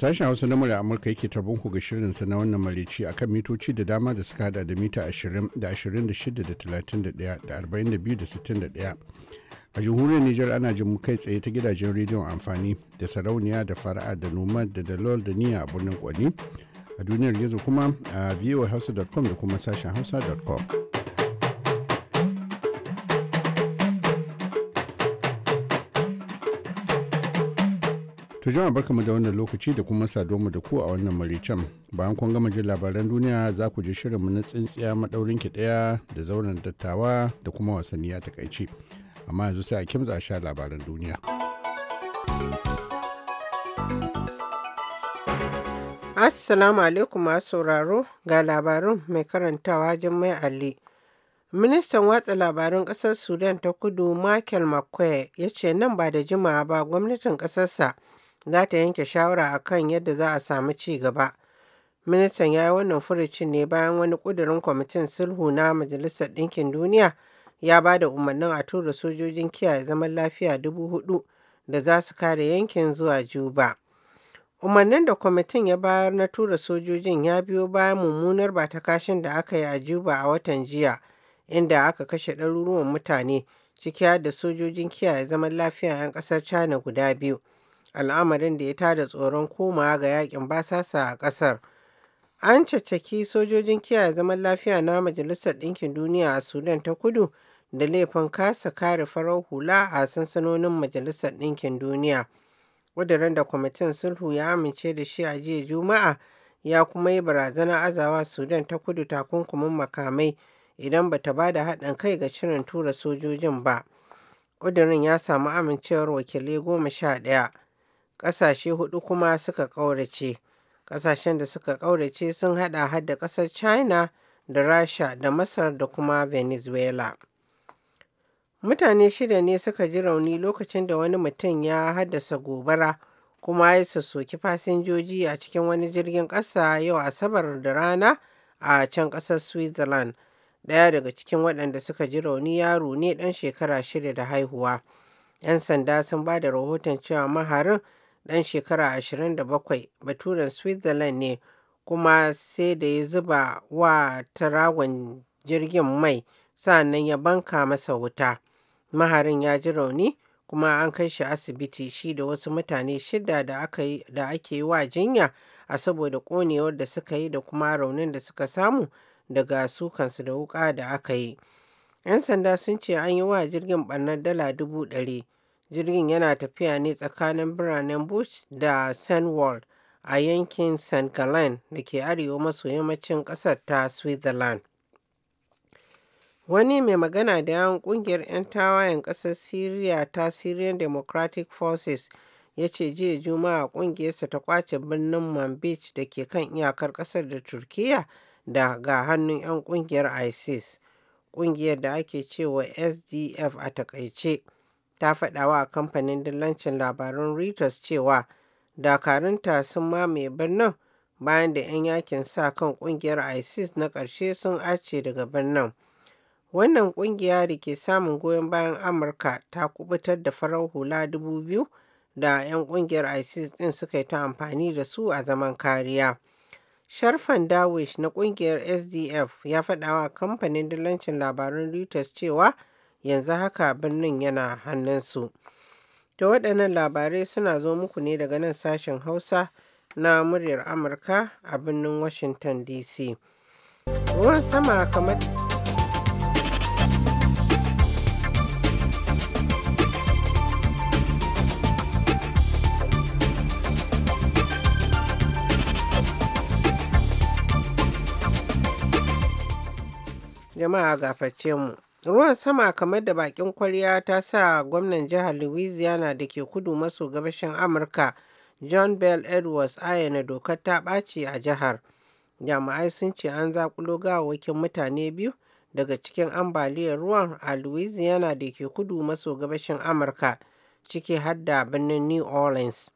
Sashen Hausa na murya Amurka yake tarbon ku ga shirinsa na wannan malici akan mitoci da dama da suka hada da mita 20 da 26 da 31 da 42 da 61. A jamhuriyar Nijar ana jin kai tsaye ta gidajen rediyon amfani da sarauniya da fara'a da noma da dalol da niya a birnin Kwani. A duniyar gizo kuma a viewhouse.com da kuma sashen hausa.com. To jama'a barkamu da wannan lokaci da kuma mu da ku a wannan maricen. Bayan kun gama jin labaran duniya za ku ji shirinmu na tsintsiya maɗaurin ki ɗaya da zauren dattawa da kuma wasanni ya takaice. Amma yanzu sai a kimza a sha labaran duniya. Assalamu alaikum masu sauraro ga labarin mai karantawa Jummai alli Ministan watsa labarun ƙasar Sudan ta kudu Michael McQuay ya ce nan ba da jimawa ba gwamnatin ƙasarsa za ta yanke shawara a kan yadda za a samu ci gaba. Ministan ya yi wannan furucin ne bayan wani ƙudurin kwamitin sulhu na Majalisar Ɗinkin Duniya ya ba da umarnin a tura sojojin kiyaye zaman lafiya dubu hudu da za su kare yankin zuwa Juba. Umarnin da kwamitin ya bayar na tura sojojin ya biyo bayan mummunar ba ta kashin da aka yi a Juba a watan jiya, inda aka kashe ɗaruruwan mutane ciki da sojojin kiyaye zaman lafiya 'yan ƙasar China guda biyu. al'amarin da ya tada tsoron komawa ga yakin basasa a ƙasar. An caccaki sojojin kiyaye zaman lafiya na Majalisar Ɗinkin Duniya a Sudan ta kudu da laifin kasa kare farar hula a sansanonin Majalisar Ɗinkin Duniya. Ƙudurin da kwamitin sulhu ya amince da shi a jiya Juma'a ya kuma yi barazana azawa Sudan ta kudu takunkumin makamai idan ba ta ba da haɗin kai ga shirin tura sojojin ba. Ƙudurin ya samu amincewar wakilai goma sha ɗaya. ƙasashe hudu kuma suka ƙaurace ƙasashen da suka ƙaurace sun hada hada ƙasar china da rasha da masar da kuma venezuela mutane shida ne suka ji rauni lokacin da wani mutum ya haddasa gobara kuma ya sassoki fasinjoji a cikin wani jirgin ƙasa yau asabar da rana a can ƙasar switzerland ɗaya daga cikin waɗanda suka ji rauni yaro ne ɗan shekara shida da haihuwa 'yan sanda sun ba da rahoton cewa maharin ɗan shekara 27 baturen switzerland ne kuma sai da ya zuba wa taragon jirgin mai sa'annan ya banka masa wuta maharin ya ji rauni kuma an kai shi asibiti shi da wasu mutane shida da ake yi wa jinya a saboda konewar da suka yi da kuma raunin da suka samu daga sukansu da wuka da aka yi 'yan sanda sun ce an yi wa jirgin barnar dala dubu ɗari Jirgin yana tafiya ne tsakanin biranen Bush da Seinwald a yankin St. Gallen da ke arewa maso yammacin ƙasar ta Switzerland. Wani mai magana da yawon kungiyar 'yan tawayen kasar syria ta Syrian Democratic Forces ya ce jiya Juma'a ƙungiyarsa ta kwace birnin Manbij da ke kan iyakar ƙasar da turkiya da ga hannun 'yan kungiyar ISIS. Ƙungiyar da ake cewa SDF a takaice. ta faɗawa kamfanin dillancin labarun Reuters cewa dakarunta sun mamaye birnin bayan da 'yan yakin sa kan ƙungiyar isis na ƙarshe sun ace daga birnin wannan ƙungiya da ke samun goyon bayan amurka ta kubutar da farar hula dubu biyu da 'yan ƙungiyar isis ɗin suka yi ta amfani da su a zaman kariya sharfan dawish na ƙungiyar sdf ya faɗawa kamfanin dillancin labarun reuters cewa yanzu haka birnin yana hannunsu. Da waɗannan labarai suna zo muku ne daga nan sashen Hausa na muryar Amurka a birnin Washington DC. Ruwan sama kamar jama'a gafarce mu Ruwan sama kamar da bakin kwarya ta sa gwamnan jihar Louisiana da ke kudu maso gabashin Amurka John Bell Edwards ayyana dokar ta ɓaci a jihar. jama'ai sun ce an zakulo gawawwakin mutane biyu daga cikin ambaliyar ruwan a Louisiana da ke kudu maso gabashin Amurka ciki har da birnin New Orleans.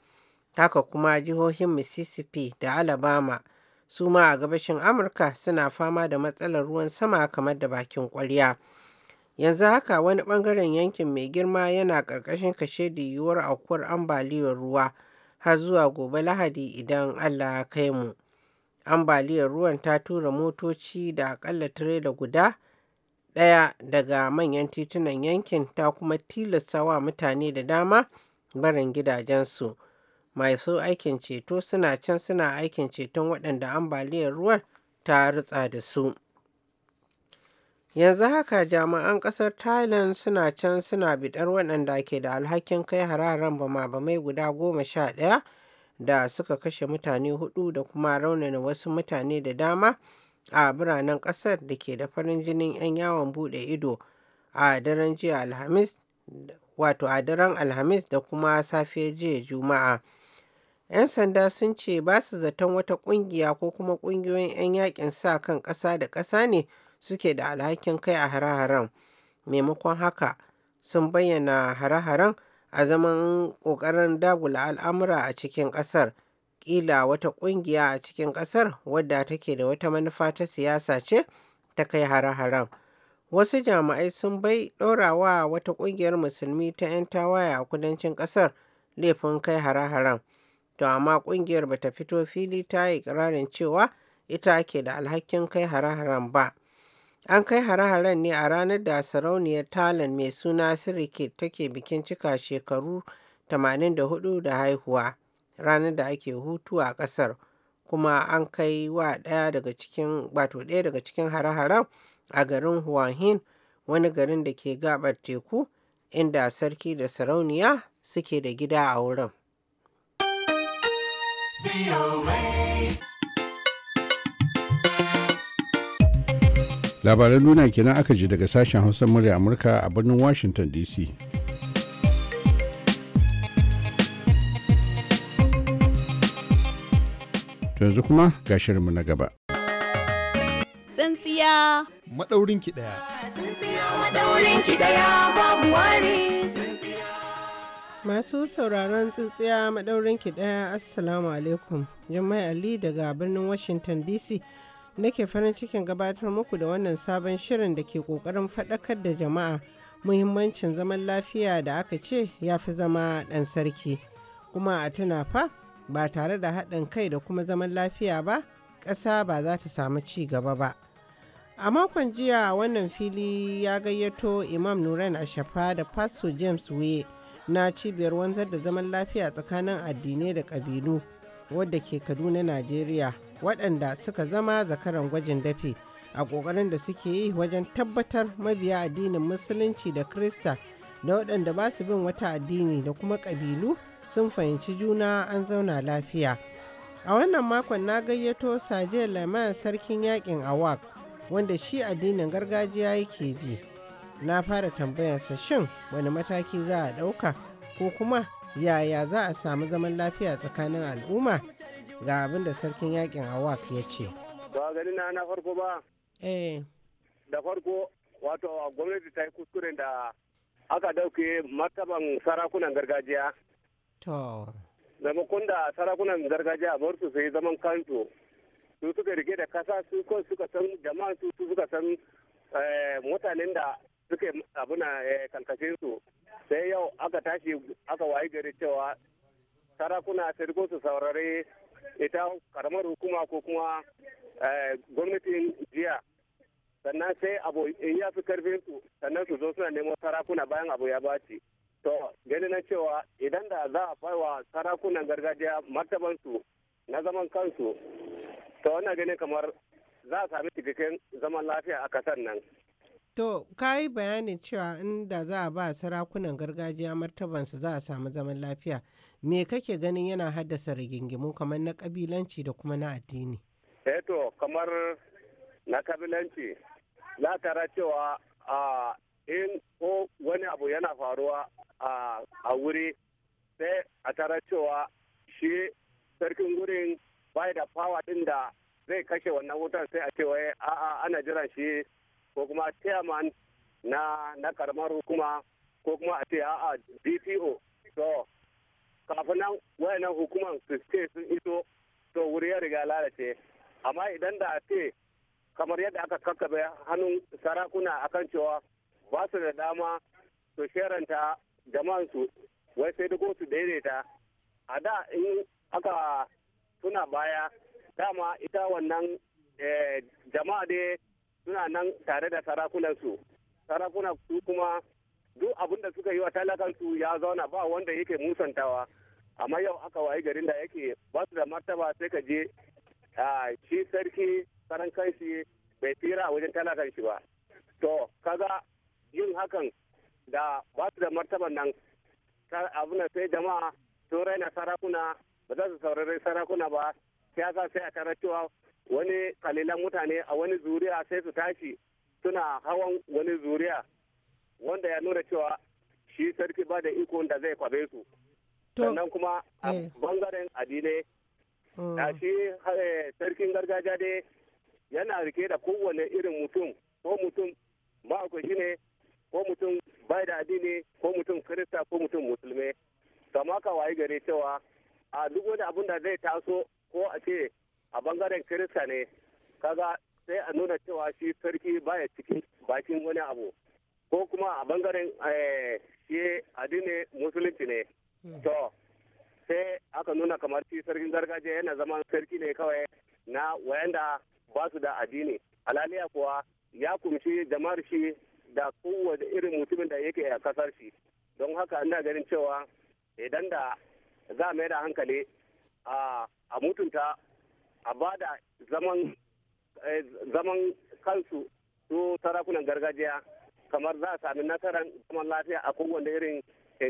Haka kuma jihohin Mississippi da Alabama su ma a gabashin Amurka suna fama da matsalar ruwan sama kamar da bakin kwarya. Yanzu haka wani ɓangaren yankin mai girma yana ƙarƙashin da yiwuwar aukuwar ambaliyar ruwa har zuwa gobe Lahadi idan Allah ya kai mu. Ambaliyar ruwan ta tura motoci da akalla tirela guda ɗaya daga manyan titunan yankin ta kuma tilasta wa mutane da dama barin gidajensu. Masu aikin ceto suna can suna aikin ceton waɗanda ambaliyar ruwan ta rutsa da su. yanzu haka jami'an ƙasar thailand suna can suna bidar waɗanda ke da alhakin kai hararen bama-bamai guda goma sha ɗaya da suka kashe mutane hudu da kuma raunana wasu mutane da dama a biranen ƙasar da ke da farin jinin 'yan yawon buɗe ido a daren jiya alhamis wato a daren alhamis da kuma safiyar jiya juma'a 'yan sanda sun ce ba su zaton wata ƙungiya ko kuma ƙungiyoyin 'yan yakin sa kan ƙasa da ƙasa ne suke da alhakin kai a hare-haren maimakon haka sun bayyana hare-haren a zaman ƙoƙarin dagula al'amura a cikin ƙasar ƙila wata ƙungiya a cikin ƙasar wadda take da wata manufa ta siyasa ce ta kai hare-haren wasu jami'ai sun bai ɗorawa wata ƙungiyar musulmi ta 'yan tawaye a kudancin ƙasar laifin kai hare-haren to amma ƙungiyar bata fito fili ta yi cewa ita ke da alhakin kai hare-haren ba An kai hare-haren ne a ranar da sarauniyar talon mai suna Sirikit take bikin cika shekaru 84 da haihuwa, ranar da ake hutu a ƙasar, kuma an kai wa ɗaya daga cikin wato ɗaya daga cikin hare-haren a garin Huahin, wani garin da ke gabar teku inda sarki da sarauniya suke da gida a wurin. labaran duniya kenan aka ji daga sashen hausa murya amurka a birnin washington dc yanzu kuma ga shirinmu na gaba tsintsiya maɗaurin ki ɗaya masu sauraron tsintsiya maɗaurin ki ɗaya assalamu alaikum jama'i ali daga birnin washington dc nake farin cikin gabatar muku da wannan sabon shirin da ke kokarin faɗakar da jama'a muhimmancin zaman lafiya da aka ce ya fi zama ɗan sarki kuma a tuna fa ba tare da haɗin kai da kuma zaman lafiya ba ƙasa ba za ta samu ci gaba ba a makon jiya wannan fili ya gayyato imam nuran ashafa da pastor james wey na cibiyar wanzar da zaman lafiya tsakanin addinai da ƙabilu wadda ke kaduna najeriya waɗanda suka zama zakaran gwajin dafi a ƙoƙarin da suke yi wajen tabbatar mabiya addinin musulunci da krista da waɗanda ba su bin wata addini da kuma ƙabilu sun fahimci juna an zauna lafiya a wannan makon na gayyato saje laman sarkin yakin awak wanda shi addinin gargajiya yake bi na fara tambayarsa shin wani mataki za a ɗauka ko kuma yaya za a samu zaman lafiya tsakanin al'umma ga abin da sarkin yakin awak ya ce ba gani na na farko ba eh da farko wato gwamnati ta yi kuskuren da aka dauke martaban sarakunan gargajiya to maimakon da sarakunan gargajiya a bar su sai zaman kanto su suka rike da kasa su ko suka san jama'a su su suka san eh, mutanen da suke abuna eh, kankashin su sai yau aka tashi aka wayi gari cewa sarakuna sai su saurare ita karamar hukuma ko kuma eh, gwamnatin jiya sannan sai abu in ya fi karfin su sannan su zo suna neman sarakuna bayan abu ya baci to gani na cewa idan da za a baiwa sarakunan gargajiya martabansu na zaman kansu to wannan ganin kamar za a sami cikakken zaman lafiya a kasar nan To, ka yi bayanin cewa inda za a ba sarakunan gargajiya martabansu za a samu zaman lafiya. me kake ganin yana haddasa rigingimu kamar na kabilanci da kuma na addini eto eh kamar na kabilanci za tara cewa a in ko wani abu yana faruwa a wuri sai a tara cewa shi sarkin wurin bai da fawa din da zai kashe wannan wutan sai a ce wai a'a ana jiran shi ko kuma chairman na karamar hukuma ko kuma a ce a'a DPO to kafin nan wayannan hukumar su ce sun iso to wuri ya riga lalace amma idan da a ce kamar yadda aka kakkabe hannun sarakuna akan cewa ba su da dama su sheranta su wai sai da su daidaita a da in aka suna baya dama ita wannan eh, jama'a dai suna nan tare da sarakunansu sarakuna su kuma duk abin da suka yi wa talakansu ya zauna ba wanda yake musantawa amma yau aka wayi garin da yake ba su da martaba sai ka je shi sarki karan kanshi bai tsira a wajen talakan shi ba to kaga yin hakan da ba su da martaban nan abin da sai jama'a sun raina sarakuna ba za su saurari sarakuna ba siyasa sai a tarar cewa wani kalilan mutane a wani zuriya sai su tashi suna hawan wani zuriya wanda ya nuna cewa shi sarki ba da iko da zai kwabe su sannan kuma a eh. bangaren adine mm. da shi eh, sarkin gargajiya dai yana rike da kowane irin mutum ko mutum ma'akwashi ne ko mutum bai da addini ko mutum kirista ko mutum musulmi kama ka wayi gare cewa a duk wani abun da zai taso ko a ce a bangaren kirista ne kaga sai a nuna cewa shi sarki baya cikin bakin wani abu ko kuma a bangaren eh, shi adini musulunci ne hmm. to sai aka nuna kamar shi sarkin gargajiya yana zama sarki ne kawai na wayanda ba su da addini alaliya kuwa ya kumshi jama'ar shi da kowane irin mutumin da yake a kasar shi don haka ina ganin cewa idan da za mai da hankali a mutunta a ba da zaman eh, kansu su sarakunan gargajiya kamar za a sami nasarar zaman lafiya a kowane irin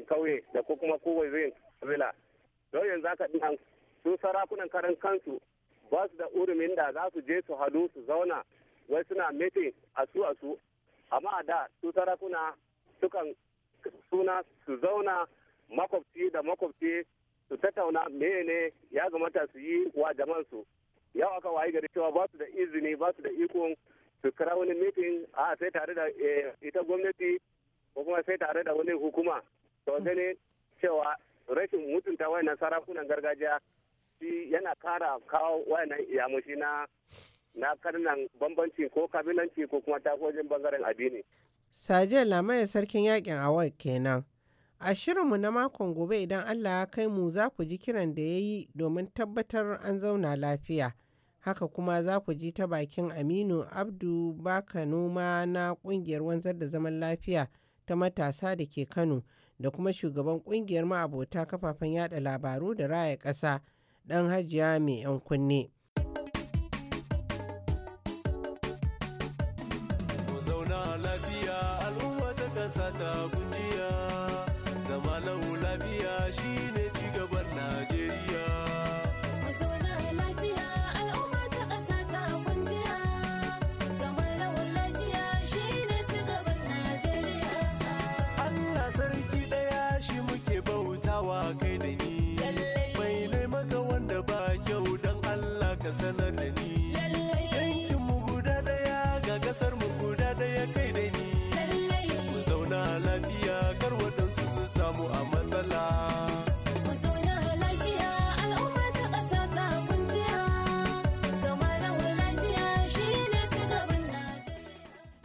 kauye da ko kuma kowane irin kabila don yanzu aka ɗin su sarakunan karan kansu ba su da urumin da za su je su hadu su zauna wai suna meeting a su a su amma a da su sarakuna sukan suna su zauna makwabci da makwabci su tattauna mene ya gamata su yi wa jamansu yau aka wayi gari cewa ba su da izini ba su da ikon su kira wani mitin a sai tare da eh, ita gwamnati ko kuma sai tare da wani hukuma to ne cewa rashin mutunta wayannan sarakunan gargajiya shi yana kara kawo wayannan iyamushi na na karnan bambanci ko kabilanci ko kuma takojin bangaren addini. Saje Lamaya sarkin yakin awai kenan. A shirinmu na makon gobe idan Allah ya kai mu za ku ji kiran da ya yi domin tabbatar an zauna lafiya. haka kuma za ku ji ta bakin aminu abdu baka noma na kungiyar wanzar da zaman lafiya ta matasa da ke kano da kuma shugaban kungiyar ma'abota kafafen yada labaru da raya ƙasa ɗan hajiya mai 'yan kunne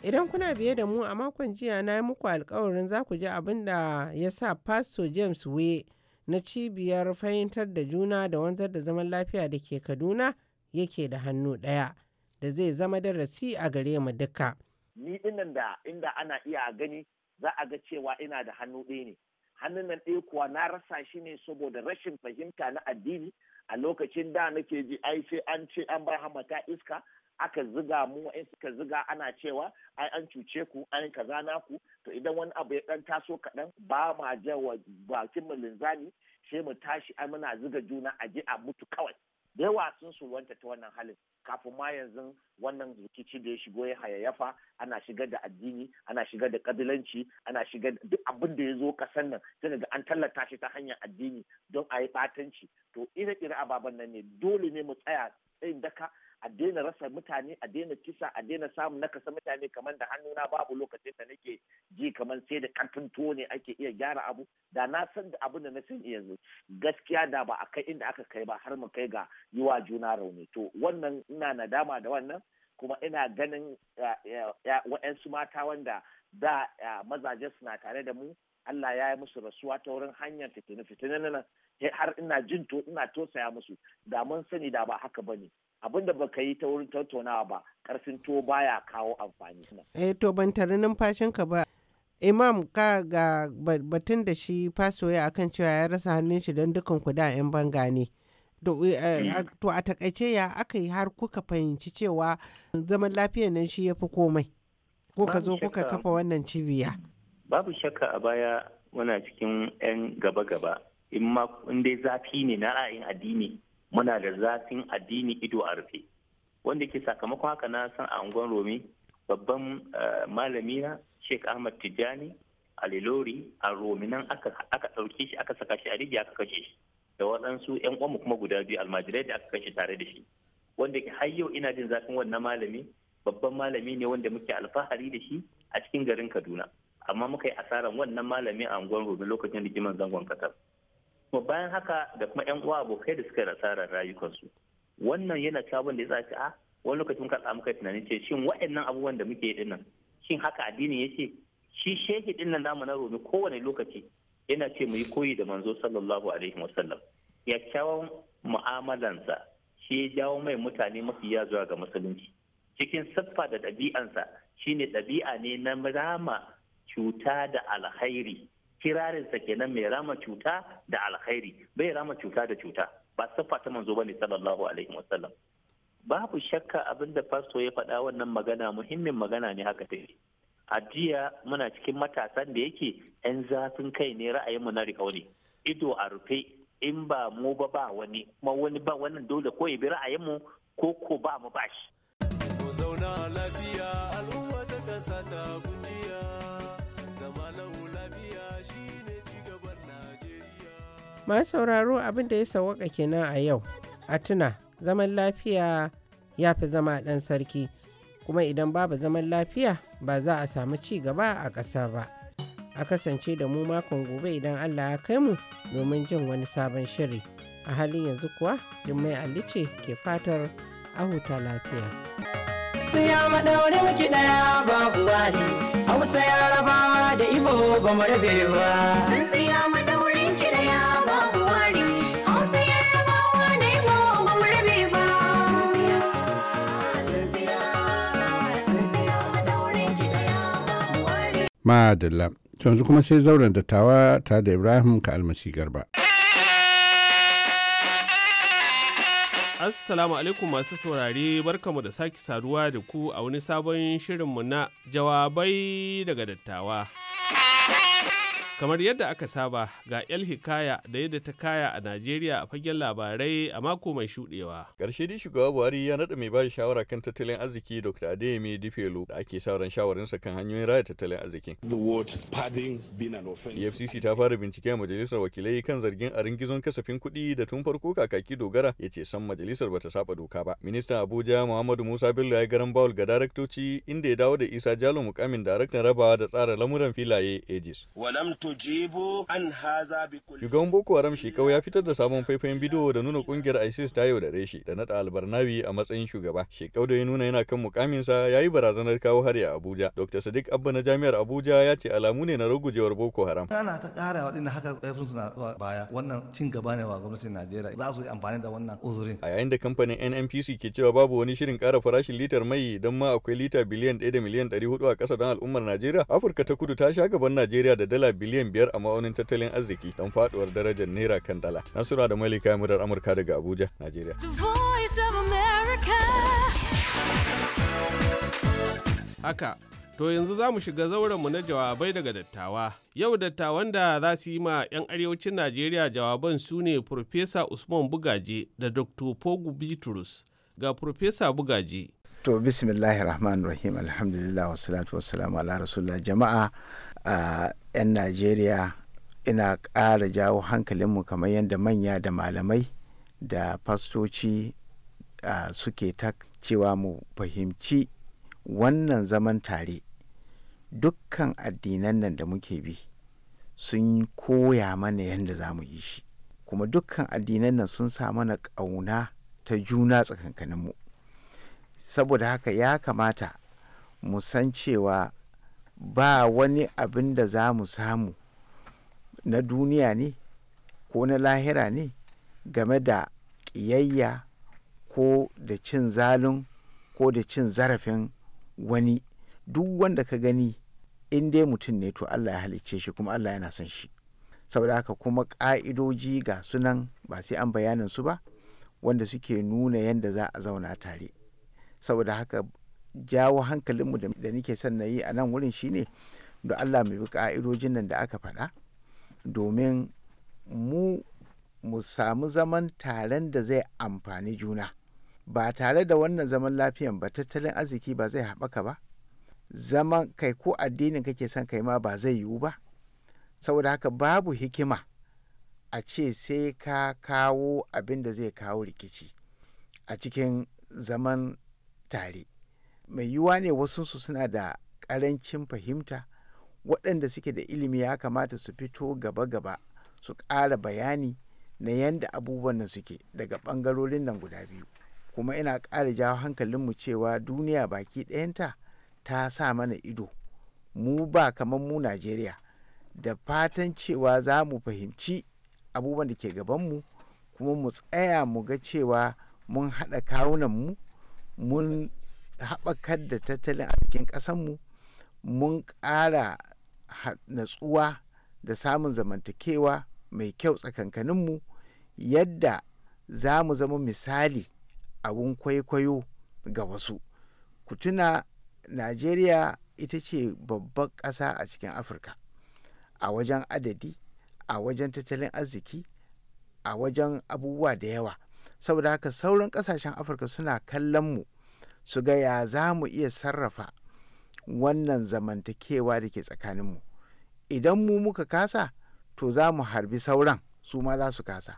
Idan kuna biye da mu a makon jiya na yi muku alkawarin za ku ji abin da ya sa Pastor James Way na cibiyar fahimtar da juna da wanzar da zaman lafiya da ke Kaduna yake da hannu ɗaya da zai zama darasi a gare mu duka. Ni dinnan da inda ana iya gani za a ga cewa ina da hannu ɗaya ne. Hannun nan ɗaya kuwa na rasa shi ne saboda rashin fahimta na addini a lokacin da nake ji ai sai an ce an bar hamata iska aka ziga mu in suka ziga ana cewa ai an cuce ku an kaza ku to idan wani abu ya dan taso kaɗan ba ma jawa bakin mu linzami sai mu tashi ai muna ziga juna a ji a mutu kawai da yawa sun wanta ta wannan halin kafin ma yanzu wannan rikici da ya shigo ya hayayyafa ana shigar da addini ana shigar da kabilanci ana shigar da duk abin da ya zo kasan nan sai ga an tallata shi ta hanyar addini don a yi batanci to ire-ire ababen nan ne dole ne mu tsaya tsayin daka a daina rasa mutane a daina kisa a daina samun nakasa mutane kamar da hannuna babu lokacin da nake ji kamar sai da karfin tuwo ne ake iya gyara abu da na san da abin da na iya yanzu gaskiya da ba a kai inda aka kai ba har mu kai ga yiwa juna rauni to wannan ina nadama da wannan kuma ina ganin wa'yansu mata wanda da mazaje suna tare da mu Allah ya yi musu rasuwa ta wurin hanyar fitini fitini nan har ina jin to ina tosaya musu da mun sani da ba haka bane abin da baka yi ta wurin tattaunawa ba karfin tuwo baya kawo amfani. Eh to ban tare ka ba. Imam ka ga batun da shi fasoya akan cewa ya rasa hannun shi don dukan ku a 'yan banga ne. To eh, eh, a takaice ya aka yi har kuka fahimci cewa zaman lafiya nan shi ya fi komai. Ko ka zo kuka kafa wannan cibiya. Babu shakka a baya muna cikin 'yan gaba-gaba. In in dai zafi ne na ra'ayin addini muna da zafin addini ido a rufe wanda ke sakamakon haka na san a unguwar romi babban eh, malamina na sheik ahmad tijjani a lelori a romi nan aka ɗauke shi aka saka shi a rigi aka kashe shi da waɗansu yan uwanmu kuma guda biyu almajirai da aka kashe tare da shi wanda ke har yau ina jin zafin wannan malami babban malami ne wanda muke alfahari da shi a cikin garin kaduna amma muka yi asarar wannan malami a unguwar romi lokacin rigiman zangon kasar kuma bayan haka da kuma yan uwa abokai da suka nasara rayukansu wannan yana cabon da ya tsaci a wani lokacin ka tsamu kai tunanin ce shin wa'annan abubuwan da muke yi nan shin haka addini yake shi shehi din nan namu na romi kowane lokaci yana ce mu yi koyi da manzo sallallahu alaihi wasallam kyakkyawan mu'amalansa shi ya jawo mai mutane mafiya zuwa ga musulunci cikin siffa da ɗabi'ansa shine ɗabi'a ne na rama cuta da alhairi kirarinsa kenan mai rama cuta da alkhairi bai rama cuta da cuta ba siffa ta manzo bane sallallahu alaihi wasallam babu shakka abin da fasto ya faɗa wannan magana muhimmin magana ne haka take a jiya muna cikin matasan da yake 'yan zafin kai ne ra'ayin mu na rikauni ido a rufe in ba mu ba ba wani kuma wani ba wannan dole ko ya bi ra'ayinmu ko ko ba mu ba shi. zauna lafiya al'umma ta kasa ta masu sauraro abin da ya sawaka kenan a yau a tuna zaman lafiya ya fi zama ɗan sarki kuma idan babu zaman lafiya ba za a samu ci gaba a ƙasa ba a kasance da mu makon gobe idan allah ya kai mu domin jin wani sabon shiri a halin yanzu kuwa jummai alice ke fatar a huta lafiya ya maɗaurin ki ɗaya babu wani hausa yarabawa da ibo ba mu rabe ba sun tsaya madalla yanzu kuma sai zauren dattawa ta da ibrahim ka almasi garba assalamu alaikum masu saurare barkamu da sake saduwa da ku a wani sabon shirinmu na jawabai daga dattawa. Kamar yadda aka saba ga El Hikaya da yadda ta kaya a Najeriya a fagen labarai a mako mai shudewa. Karshe dai shugaba Buhari ya naɗa mai bayar shawara kan tattalin arziki Dr. Adeyemi Difelo da ake sauran ran shawarinsa kan hanyoyin raya tattalin arzikin. EFCC e ta fara bincike a majalisar wakilai kan zargin a ringizon kasafin kuɗi da tun farko kakaki dogara ya ce san majalisar bata saba doka ba. Ministan Abuja Muhammadu Musa Bello ya garan bawul ga daraktoci inda ya dawo da Isa Jalo mukamin daraktan rabawa da tsara lamuran filaye Aegis. shugaban boko haram shekau ya fitar da sabon faifayen bidiyo da nuna kungiyar isis ta yau da reshi da nada albarnawi a matsayin shugaba shekau da ya nuna yana kan mukaminsa ya yi barazanar kawo hari a abuja dr sadiq abba na jami'ar abuja ya ce alamu ne na rugujewar boko haram ana ta kara waɗanda haka ƙarfin suna zuwa baya wannan cin gaba ne wa gwamnatin najeriya za su yi amfani da wannan uzurin a yayin da kamfanin nnpc ke cewa babu wani shirin kara farashin litar mai don ma akwai lita biliyan ɗaya da miliyan ɗari hudu a ƙasa don al'ummar najeriya afirka ta kudu ta sha gaban najeriya da dala biliyan miliyan biyar a ma'aunin tattalin arziki don faduwar darajar naira kan dala nasura da malika murar amurka daga abuja najeriya haka To yanzu za mu shiga mu na jawabai daga dattawa. Yau dattawan da za su yi ma 'yan arewacin Najeriya jawaban su ne Profesa Usman Bugaje da Dr. Pogu Bitrus ga Profesa Bugaje. To bismillahir rahmanir rahim alhamdulillah wassalatu wassalamu ala rasulullah jama'a a 'yan najeriya ina ƙara jawo hankalinmu kamar yadda manya da malamai da fastoci suke ta cewa mu fahimci wannan zaman tare dukkan addinan nan da muke bi sun koya mana yadda za mu yi shi kuma dukkan addinan nan sun sa mana ƙauna ta juna tsakankaninmu saboda haka ya kamata mu san cewa ba wani abin da za mu samu na duniya ne ko na lahira ne game da ƙiyayya ko da cin zalun ko da cin zarafin wani duk wanda ka gani in dai mutum ne to Allah ya halicce shi kuma Allah yana son shi saboda haka kuma ƙa'idoji ga sunan ba sai an bayanin su ba wanda suke nuna yadda za a zauna tare saboda haka jawo hankalinmu da nike son na yi a nan wurin shine da allah mai bi ka'idojin nan da aka faɗa domin mu mu samu zaman taren da zai amfani juna ba tare da wannan zaman lafiyan ba tattalin arziki ba zai haɓaka ba zaman kai ko addinin kake son kai ma ba zai yiwu ba saboda haka babu hikima a ce sai ka kawo abin da zai kawo rikici a cikin zaman tare mai yiwuwa ne wasunsu suna da ƙarancin fahimta waɗanda suke da ilimi ya kamata su fito gaba-gaba su ƙara bayani na yadda abubuwan nan suke daga ɓangarorin nan guda biyu kuma ina ƙara jawo hankalinmu cewa duniya baki ɗayanta ta sa mana ido mu ba kamar mu najeriya da fatan cewa za mu fahimci abubuwan da ke gabanmu kuma mu tsaya mu ga cewa mun haɗa kawunan mu mun haɓakar da tattalin arzikin ƙasanmu mun ƙara natsuwa da samun zamantakewa mai kyau tsakankaninmu yadda za mu zama misali abun kwaikwayo ga wasu kutuna tuna najeriya ita ce babban ƙasa a cikin afirka a wajen adadi a wajen tattalin arziki a wajen abubuwa da yawa saboda haka sauran ƙasashen afirka suna kallon mu su ga ya za mu iya sarrafa wannan zamantakewa da ke tsakaninmu idan mu muka kasa to za mu harbi sauran su ma za su kasa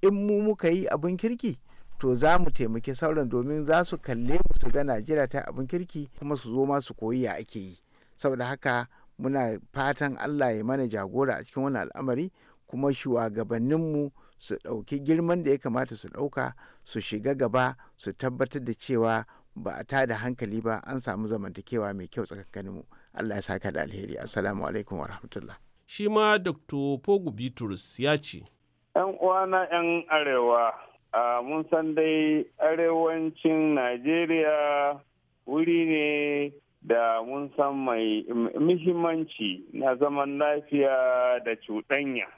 in mu muka yi abin kirki to za mu taimaki sauran domin za su kalle mu su ga najeriya ta abin kirki kuma su zo ma su koyi ya ake yi saboda haka muna fatan allah ya mana jagora a cikin wani al'amari kuma shugabanninmu su ɗauki girman da ya kamata su ɗauka su shiga gaba su tabbatar da cewa ba a tada hankali ba an samu zamantakewa mai kyau tsakaninmu allah ya saka da alheri assalamu alaikum wa rahmatullah shi ma dr pogu bitrus ya ce yan uwana yan arewa mun san dai arewacin najeriya wuri ne da mun san mai muhimmanci na zaman lafiya da cuɗanya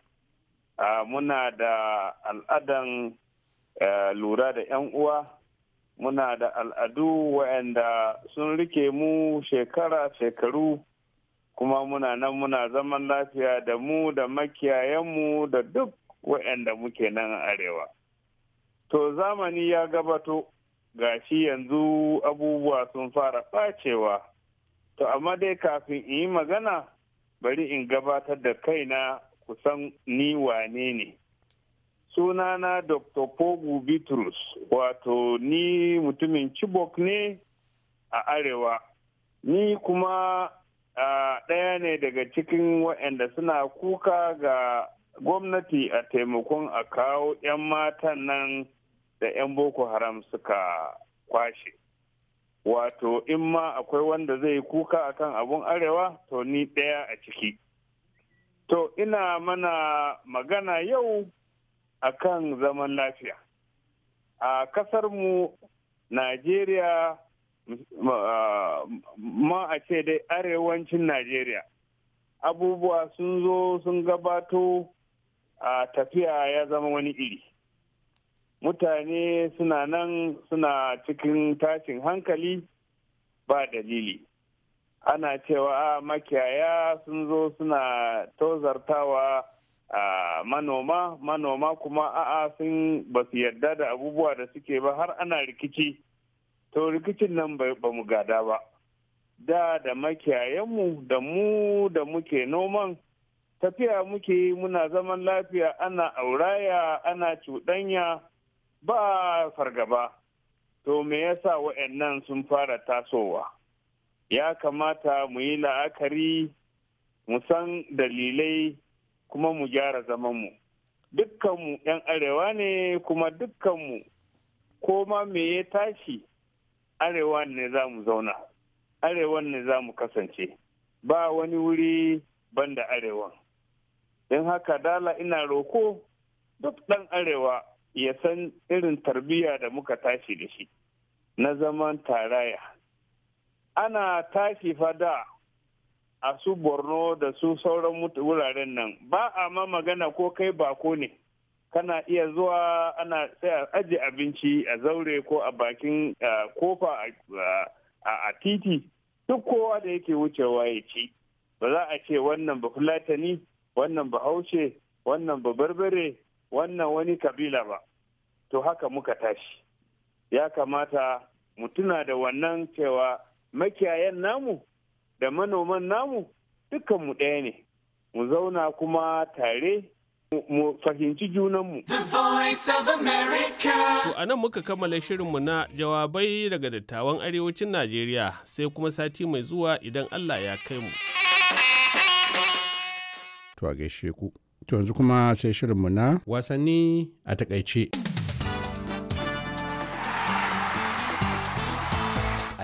muna da al'adan eh, lura da 'yan uwa muna da al'adu wa'anda sun rike mu shekara shekaru kuma muna nan muna zaman lafiya da mu da makiyayenmu da duk wa'anda muke nan arewa to zamani ya gabato gashi yanzu abubuwa sun fara ɓacewa to amma dai kafin in yi magana bari in gabatar da kaina kusan ni wane ne sunana dr pogu bitrus wato ni mutumin chibok ne a arewa ni kuma ɗaya ne daga cikin waɗanda suna kuka ga gwamnati a taimakon a kawo 'yan matan nan da 'yan boko haram suka kwashe wato in ma akwai wanda zai kuka akan abun arewa to ni ɗaya a ciki to ina mana magana yau A kan zaman lafiya a kasar mu najeriya ma a ce dai arewacin najeriya abubuwa sun zo sun gabato a tafiya ya zama wani iri mutane suna nan suna cikin tashin hankali ba dalili ana cewa ah, makiyaya sun zo suna tozartawa manoma manoma kuma a'a sun ba su yarda da abubuwa da suke ba har ana rikici to rikicin nan ba mu gada ba da da makiyayenmu da mu da muke noman tafiya muke muna zaman lafiya ana auraya ana cuɗanya ba fargaba to me yasa wa'annan sun fara tasowa ya kamata mu yi la'akari mu san dalilai kuma mu gyara zaman zamanmu dukkanmu 'yan arewa ne kuma dukkanmu ko ma me ya tashi arewa ne za mu zauna arewa ne za mu kasance ba wani wuri banda arewa In haka dala ina roko duk ɗan arewa ya san irin tarbiyya da muka tashi da shi na zaman taraya ana tashi fada a su borno da su sauran wuraren nan ba a ma magana ko kai bako ne kana iya zuwa ana sai a abinci a zaure ko a bakin kofa a titi duk kowa da yake wucewa ya ci ba za a ce wannan ba fulatani wannan ba haushe wannan ba barbare wannan wani kabila ba to haka muka tashi ya kamata mutuna da wannan cewa makiyayan namu da manoman namu dukkan mu ɗaya ne mu zauna kuma tare mu fahimci junanmu. To a nan muka kammala shirin mu na jawabai daga dattawan arewacin Najeriya sai kuma sati mai zuwa idan Allah ya kai mu. To a gaishe ku. To yanzu kuma sai shirinmu na wasanni a takaice.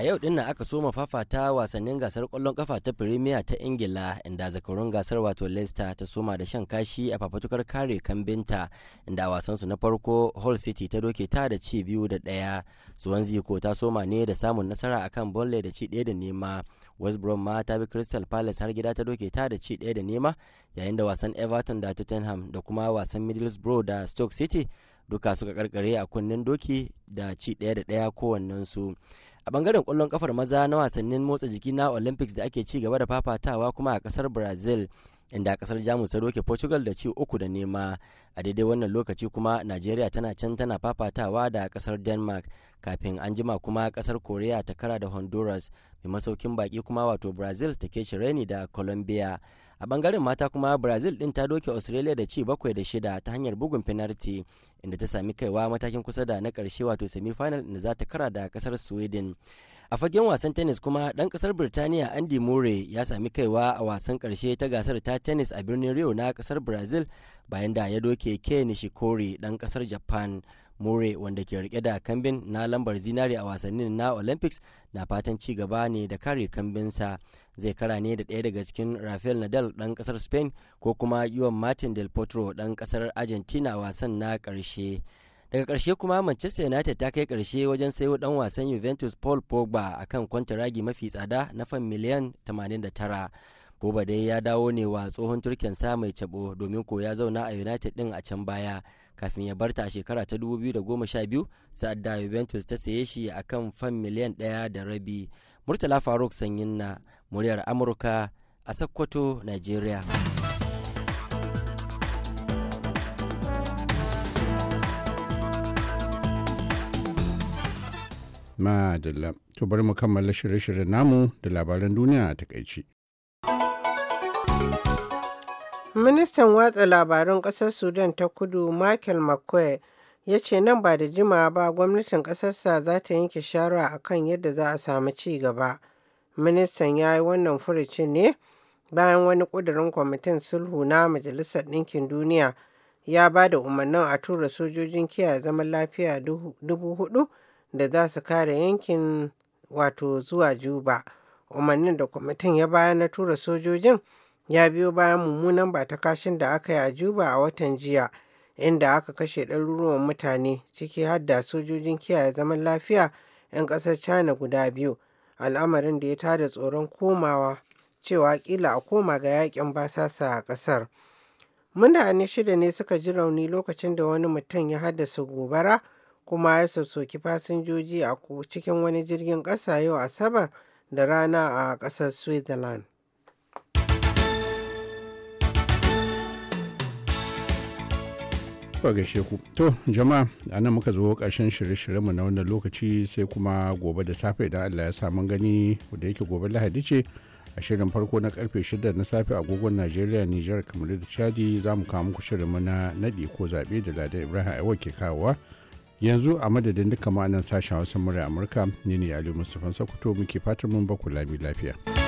yau din nan aka soma fafata wasannin gasar kwallon kafa ta Premier ta Ingila inda zakarun gasar wato Leicester ta soma da shan kashi a fafatukar kare kambinta inda wasan su na farko Hull City ta doke ta da ci biyu da ɗaya. Swansea ko ta soma ne da samun nasara akan Burnley da ci daya da nema. West Brom ma ta bi Crystal Palace har gida ta doke ta da ci daya da nema yayin da wasan Everton da Tottenham da kuma wasan Middlesbrough da Stoke City duka suka karkare a kunnen doki da ci daya da daya kowannensu. a bangaren kwallon kafar maza na wasannin motsa jiki na olympics da ake ci gaba da fafatawa kuma a kasar brazil inda kasar jamus ta roke portugal da ci uku da nema a daidai wannan lokaci kuma nigeria tana can tana fafatawa da kasar denmark kafin an jima kuma kasar korea ta kara da honduras mai masaukin baki kuma wato brazil ta ke shirai da colombia a bangaren mata kuma brazil din ta doke australia da ci bakwai da shida ta hanyar bugun penalty inda ta sami kaiwa matakin kusa da na karshe wato final inda za ta kara da kasar sweden a fagen wasan tennis kuma dan kasar birtaniya andy murray ya sami kaiwa a wasan karshe ta gasar ta tennis a birnin rio na kasar brazil bayan da ya doke ke nishikori dan kasar japan more wanda ke rike da kambin na lambar zinare a wasannin na olympics na fatan ci gaba ne da kare kambinsa zai kara ne da ɗaya daga cikin rafael nadal dan ƙasar spain ko kuma yuan martin del potro dan kasar argentina wasan na karshe daga karshe kuma manchester united ta kai karshe wajen sayo dan wasan juventus paul pogba akan kwantaragi mafi tsada na fan miliyan 89 Boba dai ya dawo ne wa tsohon turken sa mai cabo domin ko ya zauna a United din a can baya kafin ya barta a shekara ta 2012 sa'ad da Juventus ta saye shi a kan fan miliyan ɗaya da rabi. Murtala Faruk Sanyin na muryar Amurka a Sokoto, Nigeria. Madalla, to bari mu kammala shirye-shiryen namu da labaran duniya a takaici. Ministan watsa labarun ƙasar Sudan ta kudu Michael McCoy ya ce nan ba da jima ba gwamnatin ƙasarsa za ta yanke shawara akan yadda za a samu ci gaba. Ministan ya yi wannan furucin ne bayan wani kudurin kwamitin sulhu na Majalisar Ɗinkin Duniya ya ba da umarnin a tura sojojin kiyaye zaman lafiya dubu hudu da za su kare yankin wato zuwa Juba. Umarnin da kwamitin ya bayar na tura sojojin ya biyo bayan mummunan kashin da aka yi a Juba a watan jiya inda aka kashe ɗaruruwan mutane ciki har da sojojin kiyaye zaman lafiya 'yan ƙasar China guda biyu al'amarin da ya tada tsoron komawa cewa kila a koma ga yakin basasa a ƙasar. Mutane shida ne suka ji rauni lokacin da wani mutum ya haddasa gobara kuma ya sassoki fasinjoji a cikin wani jirgin ƙasa yau Asabar da rana a ƙasar Switzerland. To gaishe ku. To jama'a a nan muka zo karshen shirye-shiryenmu na wannan lokaci sai kuma gobe da safe idan Allah ya samu gani da yake gobe Lahadi ce a shirin farko na karfe 6 na safe agogon Najeriya Nijar kamar da Chadi za mu kawo muku shirin mu na nadi ko zabe da Ladan Ibrahim Aiwa ke kawowa. Yanzu a madadin duka ma'anan sashen Hausa murya Amurka ne ne Ali Mustapha Sokoto muke fatan mun baku lami lafiya.